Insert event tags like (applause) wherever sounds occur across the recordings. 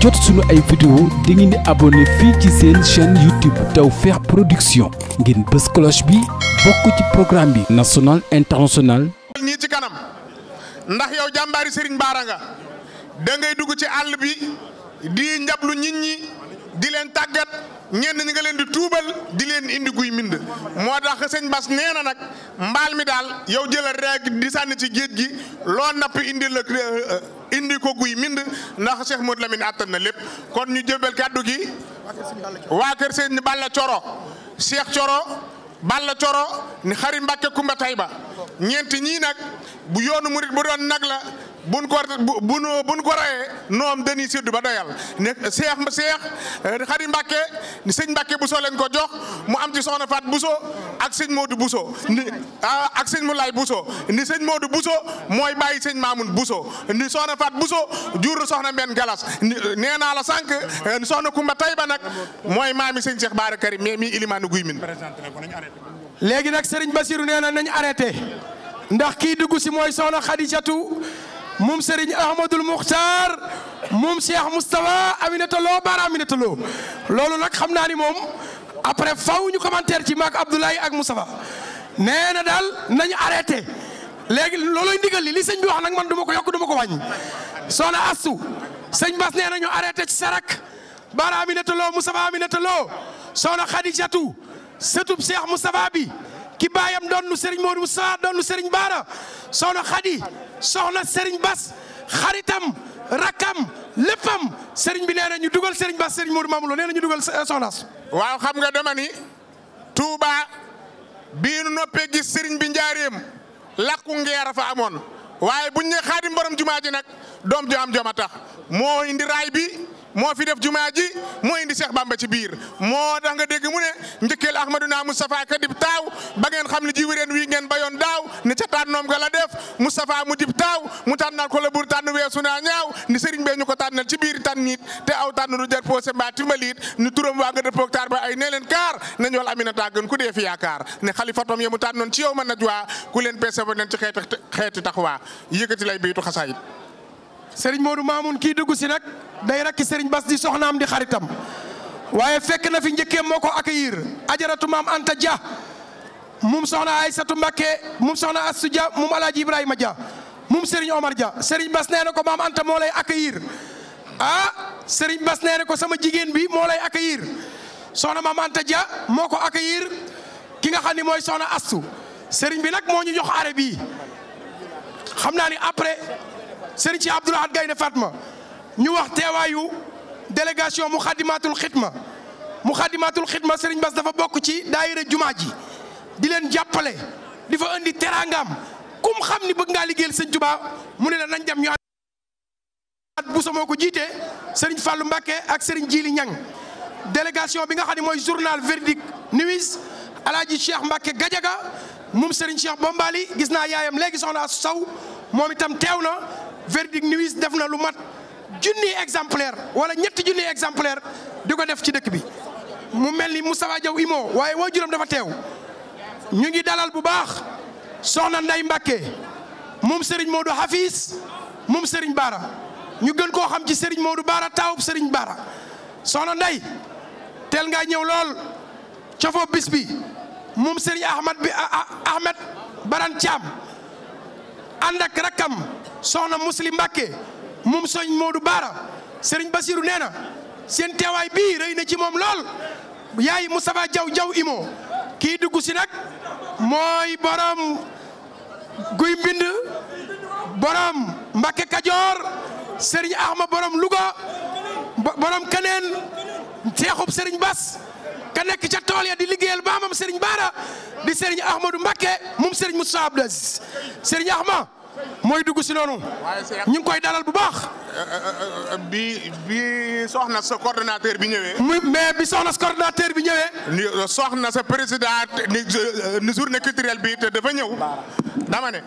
jot suñu ay vidéo da di abonné fii ci seen chaîne YouTube Tawfekh Production ngeen bës cloche bi bokk ci programme bi national international ñii ci kanam ndax yow jàmbaari Serigne Baara nga da dugg ci àll bi di njablu nit ñi di leen tàggat ñenn ñi nga leen di tuubal di leen indi guy mind moo tax sëñ Bas nee na nag mbaal mi daal yow jëlal rek di sànni ci géej gi loo napp indi la euh, indi ko guy mind ndax Cheikh Modou Lamine attan na lépp kon ñu jëbal kàddu gi waa kër sëñ Balla Coro Cheikh Coro Balla Coro ni xari Mbàkke Kumba Tayba ñeent ñii nag bu yoonu murit bu doon nag la buñ ko bu buñ ko rayee noom dañuy seddu ba doyal ne seex seex eh, xari mbàkke sëñ mbàkke bu so lañ ko jox mu am ci soxna faat buso ak sëñ moodu buso ni ah, ak sëñ mu lay buso ni sëñ moodu buso mooy bàyyi sëñ maamun buso ni soxna faat buso jur soxna mbenn galas nee naa la sànq eh, soxna kumba tayba nag mooy maami sëñ seex baara karim mais mi ilimaanu guy min léegi nag Serigne Bassirou nee na nañ arrêté ndax kii dugg si mooy soxna Khadijatu moom Serigne Ahmadul Mukhtar moom Cheikh Moustapha Aminata Lo Baara Aminata loolu nag xam naa ni moom après faw ñu commentaire ci maak Abdoulaye ak Moustapha nee na daal nañ arrêté léegi looloy ndigal li li sëñ bi wax nag man du ma ko yokk du ma ko wàññi soxna Astu sëñ Bass nee na ñu arrêté ci Sarak Baara Aminata Lo Moustapha Aminata Lo soxna Khadijatu sëtub Cheikh Moustapha bi ki baayam doon nu Serigne Modou Moustapha doon nu Serigne Baara soxna Khady soxna Serigne Bas xaritam rakkam léppam seriñ bi nee na ñu dugal Serigne Bas Serigne Modou Mamoulou nee na ñu dugal euh, soxnaas. waaw xam nga dama ni Touba bii nu noppee gis Serigne bi njaareem làkku ngeer fa amoon waaye buñ ne Xaadim borom jumaa ji nag doom ju am a tax moo indi bi. moo fi def jumaa ji moo indi Cheikh Bamba ci biir moo tax nga dégg mu ne njëkkeel Ahmaduna Moustapha ka dib taaw ba ngeen xam ne jiw ren wii ngeen bayoon daaw ne ca tànnoom nga la def Moustapha mu dib taaw mu tànnal ko la buur tànn weesu naa ñaaw ni sëriñ bee ñu ko tànnal ci biir tànnit te aw tànn du jar poose mbaa timbaliit ni turam waa nga dëppoog taar ba ay nee leen kaar nañ wal Aminata gën ku dee fi yaakaar ne xalifatom ya mu noon ci yow mën na ku leen peese ba nen ci xeeti xeeti taxawaa yëkkati lay biitu xasaayit Serigne Modou Mamoun kii dugg si nag day rakki Serigne Bass di soxnaam di xaritam waaye fekk na fi njëkkee moo ko accueillir ajaratu maam Anta Dia mum soxna Aysatu Mbàkke mum soxna Assu Dia mum Ibrahima Dia mum Serigne Omar Dia Serigne Bass nee na ko maam Anta moo lay accueillir ah ko sama jigéen bi moo lay soxna maam Anta moo ko accueillir ki nga xam ni mooy soxna Assu Serigne bi nag moo ñu jox arrêt bii xam naa ni après. sëriñ si Abdou Lahad Gaynde Fatma ñu wax teewaayu délégation mu xadimatul xidma mu xadimatul xidma sëriñ Bass dafa bokk ci daayira jumaa ji di leen jàppale di fa indi teraangaam kum xam ni bëgg ngaa liggéeyal sëñ Tuubaa mu ne la nañ dem ñu at bu sa moo ko jiite sëriñ Fallou Mbacké ak sëriñ Jili Ñang délégation bi nga xam ne mooy journal verdict nuis alaaji Cheikh mbake Gadiaga moom sëriñ Cheikh Bombali gis naa yaayam léegi soxna Saw moom itam teew na verdict nuis def na lu mat junni exemplaire wala ñett junni exemplaire di ko def ci dëkk bi mu mel ni mu Moustapha Diaw Imo waaye woo juróom dafa teew ñu ngi dalal bu baax soxna Nday Mbàkke moom Serigne Modou Hafiz moom Serigne Baara ñu gën koo xam ci Serigne Modou Baara taawub Serigne Baara soxna Nday teel ngaa ñëw lool cofoo bis bi moom Serigne Ahmad bi ah, ah, Ahmed Baran Thiam ànd ak rakkam soxna muslim Mbàkke moom soñ Modou Baara sëriñ Bassirou neena na seen teewaay bii rëy na ci moom lool yaay Moustapha Jaw Jaw Imo kii dugg si nag mooy borom guy mbind borom Mbàkke Kajoor Serigne Axma borom Louga borom keneen seexub sëriñ Bas ka nekk ca tool ya di liggéeyal baamam sëriñ Baara di sëriñ Ahmadou Mbakke moom sëriñ mu Abdou Aziz sëriñ Ahma mooy duggu si noonu. ñu ngi koy dalal bu baax. bi bi soxna sa coordonnateur bi ñëwee. muy mais bi soxna sa coordonnateur bi ñëwee. soxna sa président ni journée culturelle bi te dafa ñëw. dama ne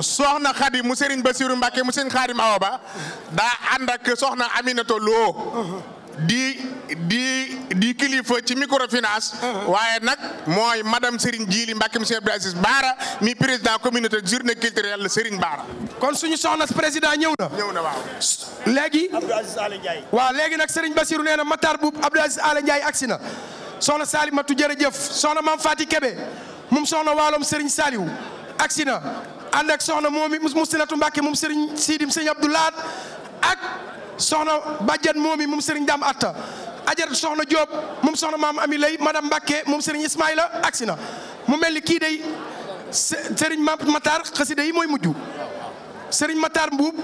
soxna Khady mu sëriñ Bassirou Mbakke mu sëriñ Xaadim Awa Ba daa ànd ak soxna Aminata Lo. di di di kilifa ci microfinance. Uh-huh. waaye nag mooy madame Serigne Djili Mbacke monsieur Abdou Aziz Baara mi président communauté journée la Serigne Baara. kon suñu soxna président ñëw na. ñëw na waaw. léegi. Abdou Aziz Alé Ndiaye. léegi nag Serigne Bassirou nee na Matar Boub Abdou Aziz Alé Ndiaye agsi na soxna Salimatu jërëjëf soxna Mame Fati Kebe moom soxna Waalom Serigne Saliou agsi na ànd ak soxna moom it Moustinatu Mbacke moom Serigne Sidim Serigne Abdoulaat ak. soxna bàjjan moomi moom sëriñ Dame Atta ajaratu soxna Diop moom soxna maam Ami Lay madame Mbacke moom sëriñ Ismaïla agsi na mu mel ni kii day sëriñ Matar xasida yi mooy mujj sëriñ Matar Mbuub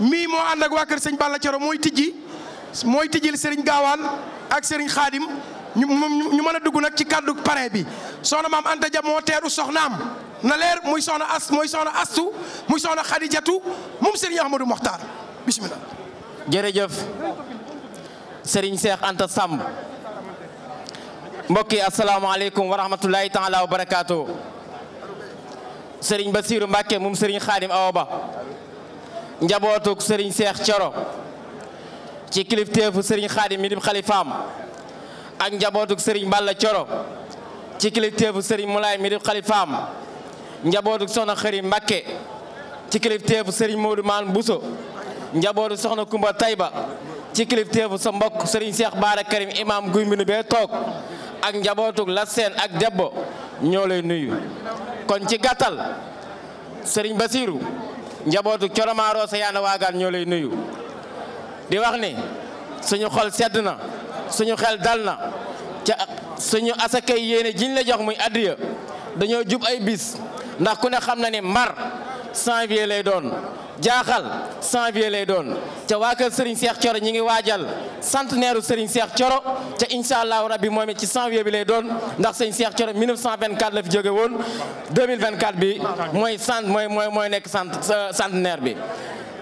mii moo ànd ak waa sëñ Balla Coro mooy tijji mooy tijjil sëriñ Gaawaan ak sëriñ Xaadim ñu ñu mën a dugg nag ci kàddu parrain bi soxna maam Anta Dia moo teeru soxnaam na leer muy soxna as muy soxna astu muy soxna xadijatu moom sëriñ Ahmadou Mokhtar bisimilah. jërëjëf Serigne Cheikh Anta Samb mbokk yi asalaamaaleykum wa rahmatulahi taala wa barakaatu Serigne Basiiru Mbàkke moom Serigne Xaadim Awa Ba njabootuk Serigne Cheikh Thioro ci kilifteefu Serigne Xaadim mi di xalifaam ak njabootuk Serigne Balla Thioro ci kilifteefu Serigne Moulay mi xalifaam njabootuk Soxna Xëri Mbàkke ci kilifteefu Serigne Modou Maan njabootu soxna Kumba Tayba ci kilifteefu sa mbokk Serigne Cheikh Bara Karim imam guy minu bee toog ak njabootu la seen ak debbo ñoo lay nuyu kon ci gàttal Serigne Basiiru njabootu coromaaroo sa yaana waagaan ñoo lay nuyu di wax ni suñu xol sedd na suñu xel dal na ca suñu asakay yéene jiñ la jox muy addiya dañoo jub ay bis ndax ku ne xam na ni mar janvier lay doon jaaxal janvier lay doon ca waa kër Serigne Cheikh Thioro ñi ngi waajal centenaire u Serigne Cheikh coro ca incha allahu rabbi moom it ci janvier bi lay doon ndax Serigne Cheikh Thioro 1924 la fi jóge woon 2024 bi mooy cent mooy mooy mooy sant cent euh, centenaire bi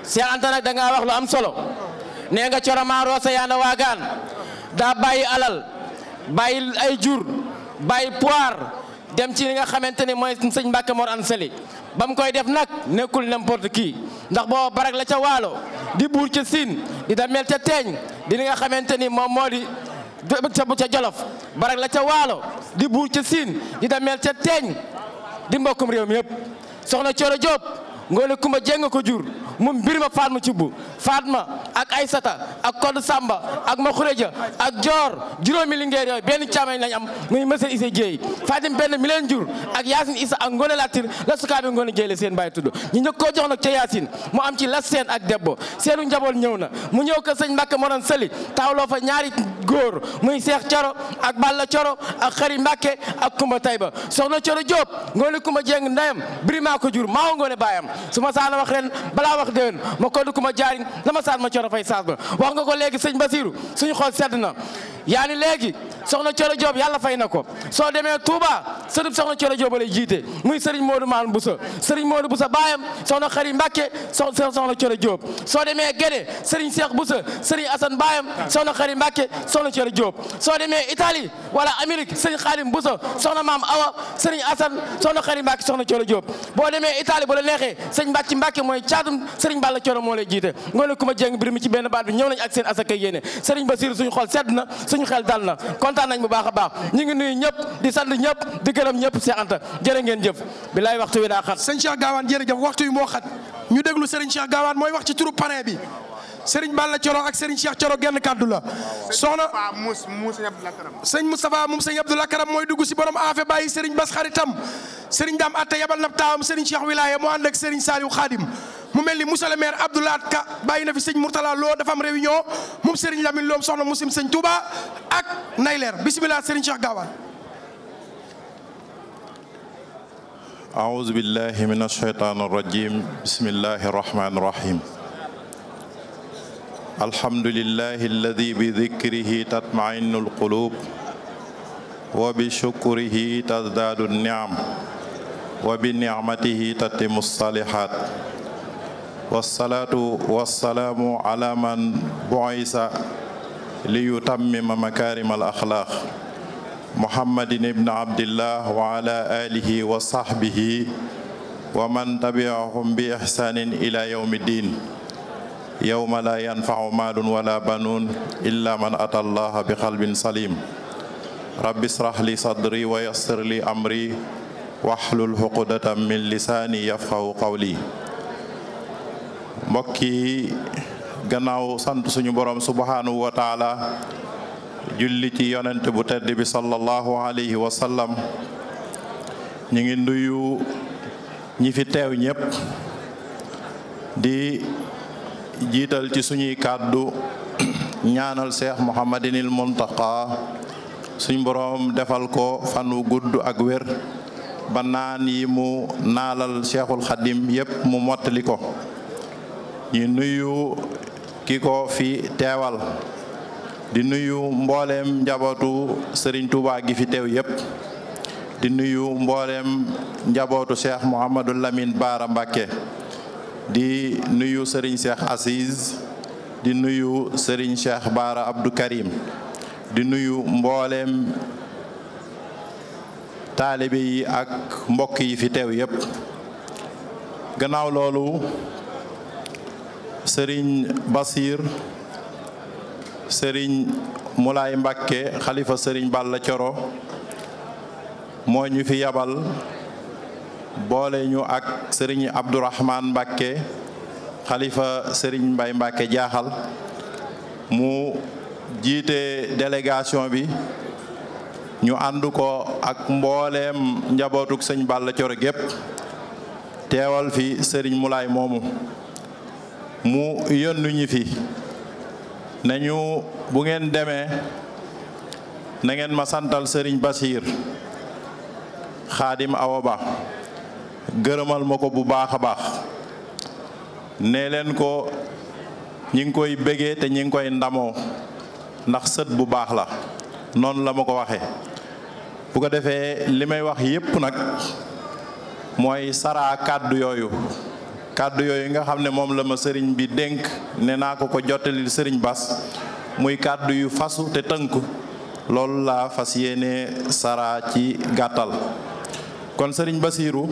Cheikh Anta danga wax lu am solo nee nga Thioro maa roosa yaana waagaan daa bàyyi alal bàyyi ay jur bàyyi poire dem ci li nga xamante ni mooy sëñ Mbacke Mor seli ba mu koy def nag nekkul n'importe qui ndax booba barak la ca waalo di buur ca siin di mel ca teeñ di li nga xamante ni moom moo di ca jolof barak la ca waalo di buur ca siin di mel ca teeñ di mbokkum réew mi yëpp soxna Cooro Jóob ngoone kumba jéng ko jur mu mbir ma Fatma Thioub Fatma ak Aysata ak Codé Samba ak Makhourédia ak Dior juróomi lingeer yooyu benn càmmeñ lañ am mu monsieur Issa Dieye Fatim benn mi leen jur ak Yacine Issa ak Ngone Latir la sukaabe Ngone Dieye la seen bàyyi tudd ñu ñëkk koo jox nag ca Yacine mu am ci la seen ak debbo seenu njaboot ñëw na mu ñëw ko sëñ Mbàkke Moron Sëli taawloo fa ñaari góor muy Seex Coro ak Balla Coro ak Xari Mbàkke ak Kumba Tayba soxna Coro Jóob ngoone Kumba Jeng ndeyam birima ko jur maa ngoone baayam su ma saana wax ren balaa wax déwén ma kondu Kumba jaariñ la ma saan ma Coro fay saas ba wax nga ko léegi sëñ Basiru suñu xol sedd na yaa ni léegi soxna Thioro Diop yàlla fay na ko soo demee Touba sëriñ soxna Thioro Diop lay jiite muy Serigne Modou Maane Boussa Serigne Modou Boussa baayam soxna Xari Mbacke soxna soxna Thioro Diop soo demee Guédé Serigne Cheikh Boussa Serigne Assane baayam soxna Xari Mbacke soxna Thioro Diop soo demee Italie wala Amérique Serigne Khadim Boussa soxna Maam Awa Serigne Assane soxna Xari Mbacke soxna Thioro Diop boo demee Italie bu la neexee Serigne Mbacke Mbacke mooy caatum Serigne Balla Thioro moo lay jiite ngoone kuma jéng bir mi ci benn baat bi ñëw nañ ak seen asaka yéene Serigne Bassirou suñu sedd na ñu xel dal na nañ bu baax a baax ñu ngi nuyu ñëpp di sant ñëpp di gërëm ñëpp Cheikh Anta jërë ngeen jëf bilaay waxtu wi daa xat sëñ Cheikh Gaawaan jërëjëf waxtu wi moo xat ñu déglu sëriñ Cheikh Gaawaan mooy wax ci turu bi Serigne Balla Coro ak Serigne Cheikh Coro genn kàddu la soxna sëñ Moustapha moom sëñ Abdoul Karam mooy dugg si borom aafe bàyyi seriñ Bas seriñ Serigne Dame Atta yabal nab taawam Serigne Cheikh Wilaya moo ànd ak Serigne Saliou mu mel ni monsieur le maire Abdoulaat Ka bàyyi na fi sëñ Mourtala Lo dafa am réunion moom Serigne Loom soxna Muslim sëñ Touba ak Nayler bisimilah Serigne Cheikh Gaawaan. aouzu billahi min ashaytaani rajim bismillahi rahmaani rahim. alhamdulillahi alladi bi dikrihi tatmainu alqulub wa bi shukrihi tazdaadu niam wa bi nicmatihi tatimu salihat wasalaatu wasalaamu ala man buisa li yutammima makaarima al axlaaq muhammadin ibn abdillah wa ala alihi wa sahbihi wa man tabiahum bi ihsanin ila yawmi ddin yawma laa yanfau maalun wala banuun illa man ata allaha bi qalbin salim rabbi israh sadri wa yassir li amri waxlul xuqudatan min lisaani yafqahu qawli mbokki gannaaw sant suñu borom subhanahu wa taala ci yonent bu tedd bi sallallahu alayhi wa sallam ngi nuyu ñi fi teew ñépp di jiital ci suñuy kàddu ñaanal seex muhammadinil muntaqa suñ boroom defal ko fan gudd ak wér ba naan yi mu naalal seexul xadim yépp mu mottali ko ñu nuyu ki ko fi teewal di nuyu mbooleem njabootu sëriñ Tuubaa gi fi teew yépp di nuyu mbooleem njabootu seex muhammadul lamin baara mbàkke di nuyu sëriñ Cheikh Assis di nuyu Serigne Cheikh Baara Abdou Karim di nuyu mbooleem taalibe yi ak mbokk yi fi teew yépp gannaaw loolu Serigne Basir Serigne Moulay Mbakke xalifa Serigne Balla Coro moo ñu fi yabal boole ñu ak sëriñ Abdourahman Mbacke xalifa sëriñ Mbay Mbacke jaaxal mu jiite délégation bi ñu ànd ko ak mbooleem njabootuk sëñ Balla Coro gépp teewal fi sëriñ Mulaay moomu mu yónnu ñi fi nañu bu ngeen demee na ngeen ma santal sëriñ Basiir Xaadim Awa gërëmal ma ko bu baax a baax ne leen ko ñi ngi koy bëggee te ñi ngi koy ndamoo ndax sëd bu baax la noonu la ma ko waxe bu ko defee li may wax yépp nag mooy saraa kàddu yooyu kàddu yooyu nga xam ne moom la ma sëriñ bi dénk ne naa ko ko jottalil sëriñ Bas muy kàddu yu fasu te tënku loolu laa fas yéene saraa ci gàttal kon sëriñ Basiiru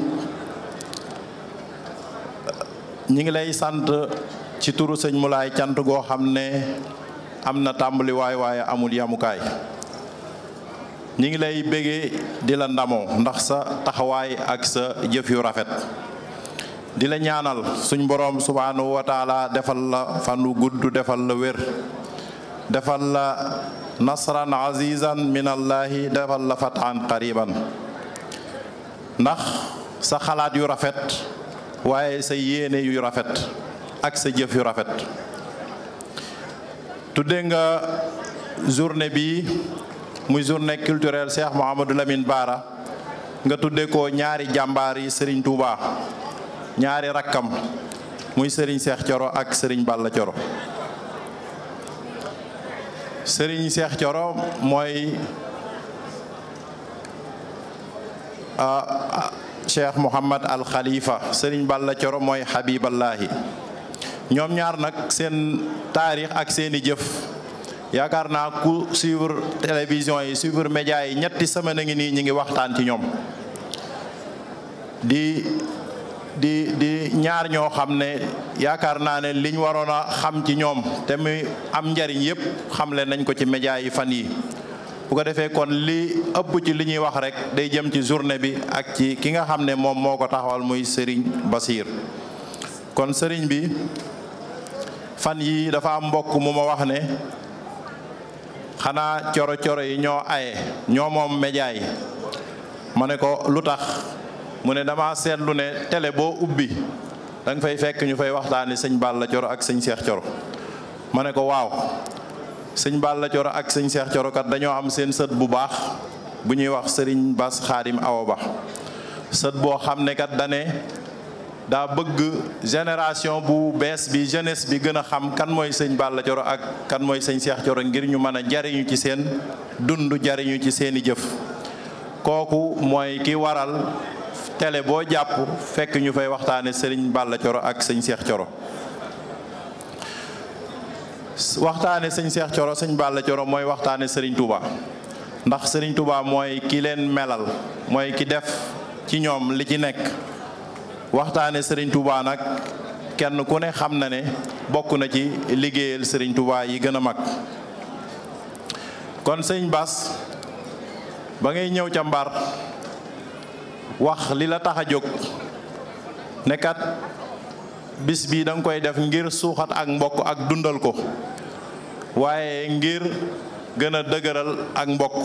ñi ngi lay sant ci turu sëñ Moulay cant goo xam ne am na tàmbali waay waaye amul yamukaay ñi ngi lay béggee di la ndamoo ndax sa taxawaay ak sa jëf yu rafet di la ñaanal suñ boroom subhaanahu wa taala defal la fanu gudd defal la wér defal la nasran azizan minallahi defal la fatan qariban ndax sa xalaat yu rafet waaye sa yéene yu rafet ak sa jëf yu rafet tudde nga journée bi muy journée culturelle Cheikh Mouhamadou Lamine Bara nga tudde ko ñaari jàmbaar yi Serigne Touba ñaari rakkam muy sëriñ seex coro ak Serigne Balla Thioro Serigne Cheikh Thioro mooy a ah, cheikh Mouhamad al Khalifa Serigne Balla Coro mooy Habiballahi ñoom ñaar nag seen taarix ak seeni jëf yaakaar naa ku suivre télévision yi suivre média yi ñetti semaine a ngi nii ñu ngi waxtaan ci ñoom di di di ñaar ñoo xam ne yaakaar naa ne liñ waroon a xam ci ñoom te muy am njariñ yépp xamle nañ ko ci média yi fan yi bu ko defee kon li ëpp ci li ñuy wax rek day jëm ci journée bi ak ci ki nga xam ne moom moo ko taxawal muy Serigne Basiir kon sëriñ bi fan yi dafa am mbokk mu ma wax ne xanaa coro coro yi ñoo aye ñoo moom média yi ma ne ko lu tax mu ne dama seetlu ne tele boo ubbi da nga fekk ñu fay waxtaani sëñ la Coro ak sëñ Seex Coro ma ne ko waaw sëñ Balla ak sëñ Seex Coro kat dañoo am seen sët bu baax bu ñuy wax sëriñ Bas Xaadim awo Ba sët boo xam ne kat dane daa bëgg génération bu bees bi jeunesse bi gën a xam kan mooy sëñ Balla Coro ak kan mooy sëñ Seex Coro ngir ñu mën a jariñu ci seen dund jariñu ci seeni jëf kooku mooy ki waral tele boo jàpp fekk ñu fay waxtaane sëriñ Balla Coro ak sëñ Seex Coro waxtaane sëñ Seex Coro sëñ la Coro mooy waxtaane sëriñ Touba ndax sëriñ Touba mooy ki leen melal mooy ki def ci ñoom li ci nekk waxtaane sëriñ Touba nag kenn ku ne xam na ne bokk na ci liggéeyal sëriñ Touba yi gën a mag kon sëñ Bass ba ngay ñëw ca Mbar wax li la tax a jóg nekkat bis bii danga koy def ngir suuxat ak mbokk ak dundal ko waaye ngir gën a dëgëral ak mbokk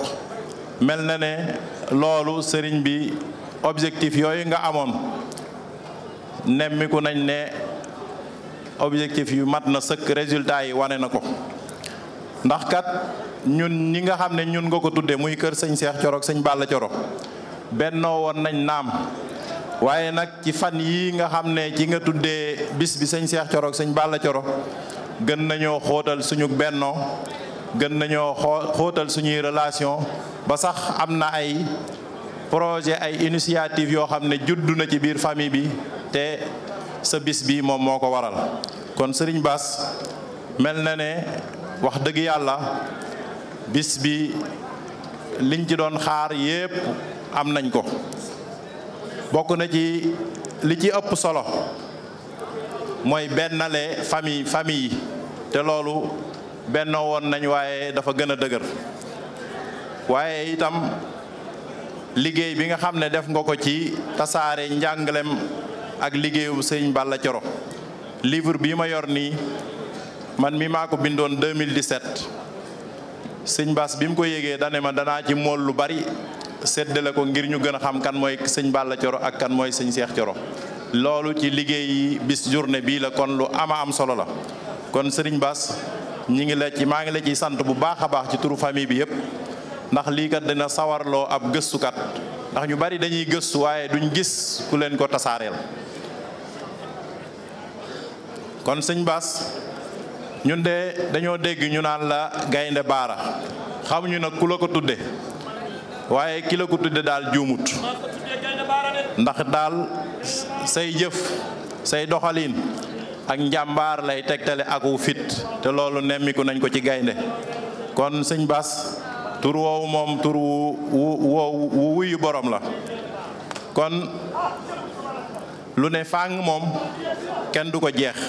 mel na ne loolu sëriñ bi objectif yooyu nga amoon nemmiku nañ ne objectif yu mat na sëkk résultat yi wane na ko ndax kat ñun ñi nga xam ne ñun nga ko tudde muy kër sëñ Seex Coro sëñ Balla Coro bennoo woon nañ naam waaye nag ci fan yii nga xam ne ci nga tuddee bis bi sëñ Seex Coro sëñ Balla Coro gën nañoo xóotal suñu bennoo gën nañoo xóotal suñuy relation ba sax am na ay projet ay initiative yoo xam ne juddu na ci biir famille bi te sa bis bi moom moo ko waral kon sëriñ Bass mel na ne wax dëgg yàlla bis bi liñ ci doon xaar yépp am nañ ko bokk na ci li ci ëpp solo mooy bennale famille famille yi te loolu bennoo woon nañ waaye dafa gën a dëgër waaye itam liggéey bi nga xam ne def nga ko ci tasaare njàngalem ak liggéeyu sëñ bala Coro livre bii ma yor nii man mii maa ko bindoon 2017 sëñ Bass bi mu ko yégee dane ma danaa ci mool lu bari seddale ko ngir ñu gën a xam kan mooy sëñ Balla Coro ak kan mooy sëñ Seex Coro loolu ci liggéey bis journée bii la kon lu ama am solo la kon sëriñ Bass ñi ngi la ci maa ngi la ciy sant bu baax a ci turu famille bi yëpp ndax lii kat dina sawarloo ab gëstukat ndax ñu bari dañuy gëstu waaye duñ gis ku leen ko tasaareel kon sëñ baas ñun de dañoo dégg ñu naan la gaynde baara xamuñu na ku la ko tudde waaye kilo la ko tudde daal juumut ndax daal say jëf say doxaliin ak njàmbaar lay tegtale ak wu fit te loolu nemmiku nañ ko ci gaynde kon sëñ Bass tur woowu moom tur wu wuyu boroom la kon lu ne fàng moom kenn du ko jeex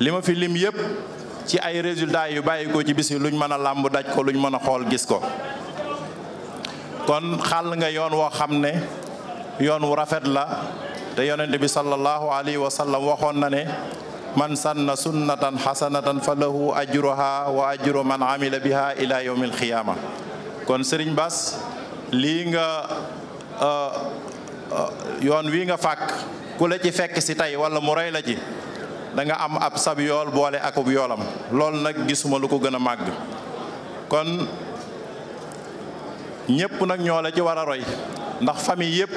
li fi lim yépp ci ay résultats yu bàyyi ko ci bis yi luñ mën a làmb daj ko luñ mën a xool gis ko kon xàll nga yoon woo xam ne yoon wu rafet la te yonent bi sallallahu alayhi wa sallam waxoon na ne man sanna sunnatan xasanatan fa lahu ajruha wa ajru man amila biha ila yawmi alqiyaama kon Sëriñ Bass lii nga euh, euh, yoon wi nga fàkk ku la ci fekk si tey wala mu rey la ci da nga am ab sab yool boole akub yoolam loolu nag gisuma lu ko gën a màgg kon ñëpp nag ñoo la ci war a roy ndax famille yëpp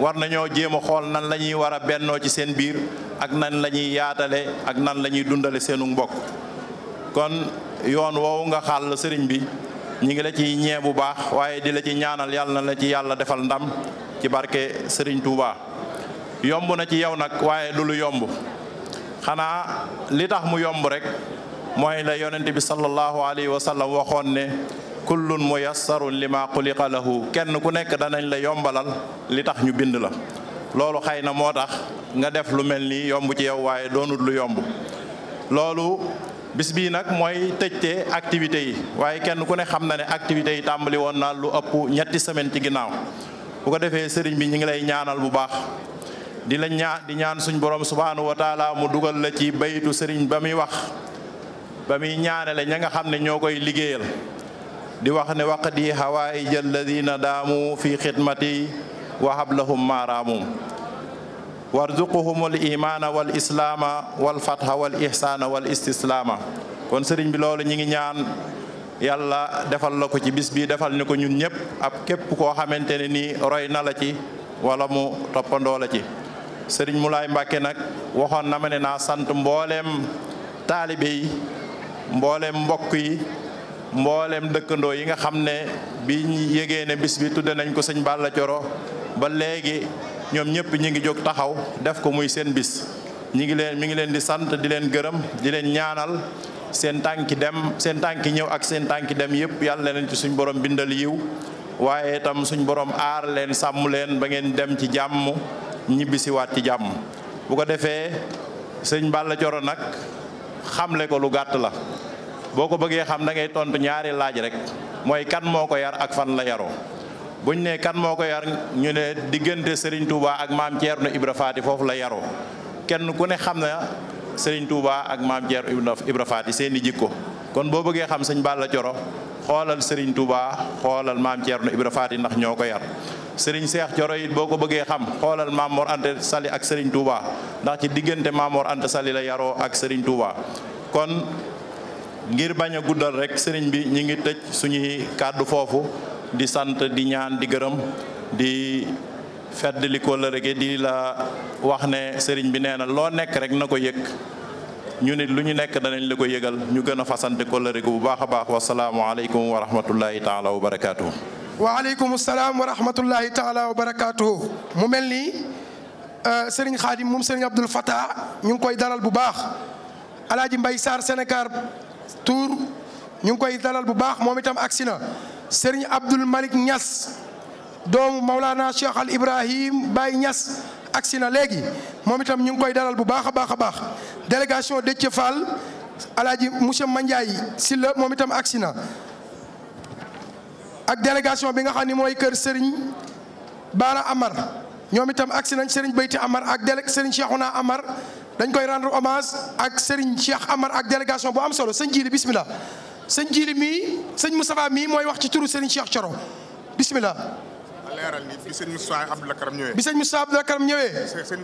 war nañoo jéem a xool nan la ñuy war a bennoo ci seen biir ak nan la ñuy yaatale ak nan la dundale seenu mbokk kon yoon woowu nga xàll sëriñ bi ñi ngi la ci ñee bu baax waaye di la ci ñaanal yàlla na la ci yàlla defal ndam ci barke sëriñ Touba yomb na ci yow nag waaye du lu yomb xanaa li tax mu yomb rek mooy la yonent bi sallallahu alayhi wa sallam waxoon ne kullun muyassarun lima xuliqa lahu kenn ku nekk danañ la yombalal li tax ñu bind la loolu xëy na moo tax nga def lu mel nii yomb ci yow waaye doonut lu yomb loolu bis nag mooy tëjtee activités yi waaye kenn ku ne xam na ne activité yi tàmbali woon naa lu ëpp ñetti semaine ci ginnaaw bu ko defee sëriñ bi ñu ngi lay ñaanal bu baax di la ñaan di ñaan suñ borom subhaanahu wa mu dugal la ci bayitu sëriñ ba muy wax ba muy ñaanale ña nga xam ne ñoo koy liggéeyal di wax ne waqdi hawaïj alladina daamu fi xidmati wa hablahum maaraamum warzuquhum al imaana wal islaama wal fatha wal ihsaana wal istislaama kon sëriñ bi loolu ñi ngi ñaan yàlla defal la ko ci bis bi defal ni ko ñun ñëpp ab képp koo xamante ne nii roy na la ci wala mu toppandoo la ci sëriñ Mulaay mbakke nag waxoon na ma ne naa sant mbooleem taalibe yi mbooleem mbokk yi mboolem dëkkandoo yi nga xam ne bi yégee ne bis bi tudde nañ ko sëñ Balla Coro ba léegi ñoom ñëpp ñi ngi jóg taxaw def ko muy seen bis ñi ngi leen mi ngi leen di sant di leen gërëm di leen ñaanal seen tànki dem seen tànki ñëw ak seen tànki dem yëpp yàlla leen ci suñ borom bindal yiw waaye itam suñ borom aar leen sàmm leen ba ngeen dem ci jàmm ñibbisiwaat ci jàmm bu ko defee sëñ Balla Coro nag xamle ko lu gàtt la boo ko bëggee xam da ngay tontu ñaari laaj rek mooy kan moo ko yar ak fan la yaroo buñ ne kan moo ko yar ñu ne diggante Serigne Touba ak maam Thierno Ibra foofu la yaroo kenn ku ne xam na Serigne Touba ak maam Thierno Ibra Faati seen i jikko kon boo bëggee xam sëñ Balla Coro xoolal Serigne Touba xoolal maam Thierno Ibra Faati ndax ñoo ko yar. Serigne Seex Coro it boo ko bëggee xam xoolal maam Mor Anta Sali ak Serigne Touba ndax ci diggante maam Mor Anta Sali la yaroo ak Serigne Touba kon. ngir bañ a guddal rek sëriñ bi ñu ngi tëj suñuy kàddu foofu di sant di ñaan di gërëm di fedd li ko la di la wax ne sëriñ bi nee na loo nekk rek na ko yëg ñu nit lu ñu nekk danañ la ko yëgal ñu gën a fasante kóllëre gu bu baax a baax wasalaamualeykum wa wa barakaatuhu. waaleykum salaam wa rahmatullahi taala wa barakaatuhu. mu mel ni euh, sëriñ Khadim moom Serigne Abdoul Fattah ñu ngi koy daral bu baax El Hadj Mbaye Sarr Sénégal. Tour ñu ngi koy dalal bu baax moom itam agsi na Serigne Abdoul ñas Niass doomu Maulana Cheikh Al Ibrahim Baye Niass agsi na léegi moom itam ñu ngi koy dalal bu baax a baax a baax délégation Déthié Fall alaaji monsieur Mandiaye Sylla moom itam agsi na ak délégation bi nga xam ni mooy kër Serigne Bara Amar ñoom itam agsi nañ Serigne Beyti Amar ak délé Serigne Cheikhouna Amar dañ koy rendre hommage ak Serigne Cheikh Amar ak délégation bu am solo sëñ Jili bismillah sëñ Jili mii sëñ Moustapha mii mooy wax ci turu Serigne Cheikh Thioro bismillah bi sëñ Moussa Abdoul Karam ñëwee. bi sëñ Moussa Abdoul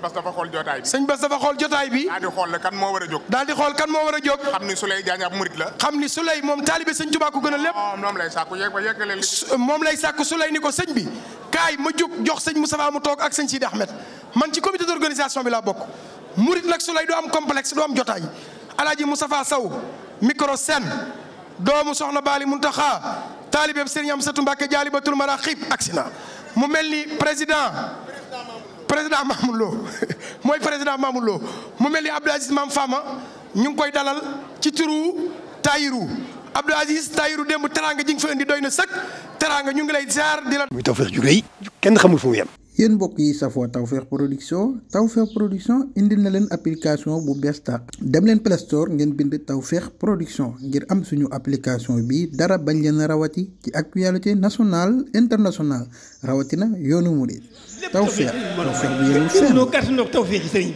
Bas dafa xool jotaay bi. sëñ Bas dafa xool jotaay bi. daal di xool kan moo war a jóg. daal di xool kan moo war a jóg. xam ni Souley Diagne murit la. xam ni Souley moom taalibe sëñ Tuubaa ko gën a lépp. moom lay sàkku yegg ni ko sëñ bi kaay ma jóg jox sëñ Moustapha mu toog ak sëñ Sidi Ahmed man ci comité d'organisation bi laa bokk. murit nag su lay doo am complexe doo am jotaay alaaji Moustapha saw micro sen doomu soxna Baali Muntaxa taalibeeb sëriñ Amsatu Mbàkke Jaalibatul Maraaxib agsi na mu mel ni président président Mamoun Lo (laughs) mooy président Mamoun mu mel ni Abdou Aziz Mam Fama ñu ngi koy dalal ci turu Tayiru Abdou Aziz Tayiru dem teraanga ji nga fa indi doy na sëkk teraanga ñu ngi lay ziar di la. muy tawfeex ju rëy kenn xamul fu mu yéen mbokk yi safoo Tawfekh production Tawfekh production indil na leen application bu bees tàq dem leen Play Store ngeen bind Tawfekh production ngir am suñu application bi dara bañ leen rawati ci actualité nationale internationale rawatina yoonu murid Tawfekh Tawfekh bu yemul fenn.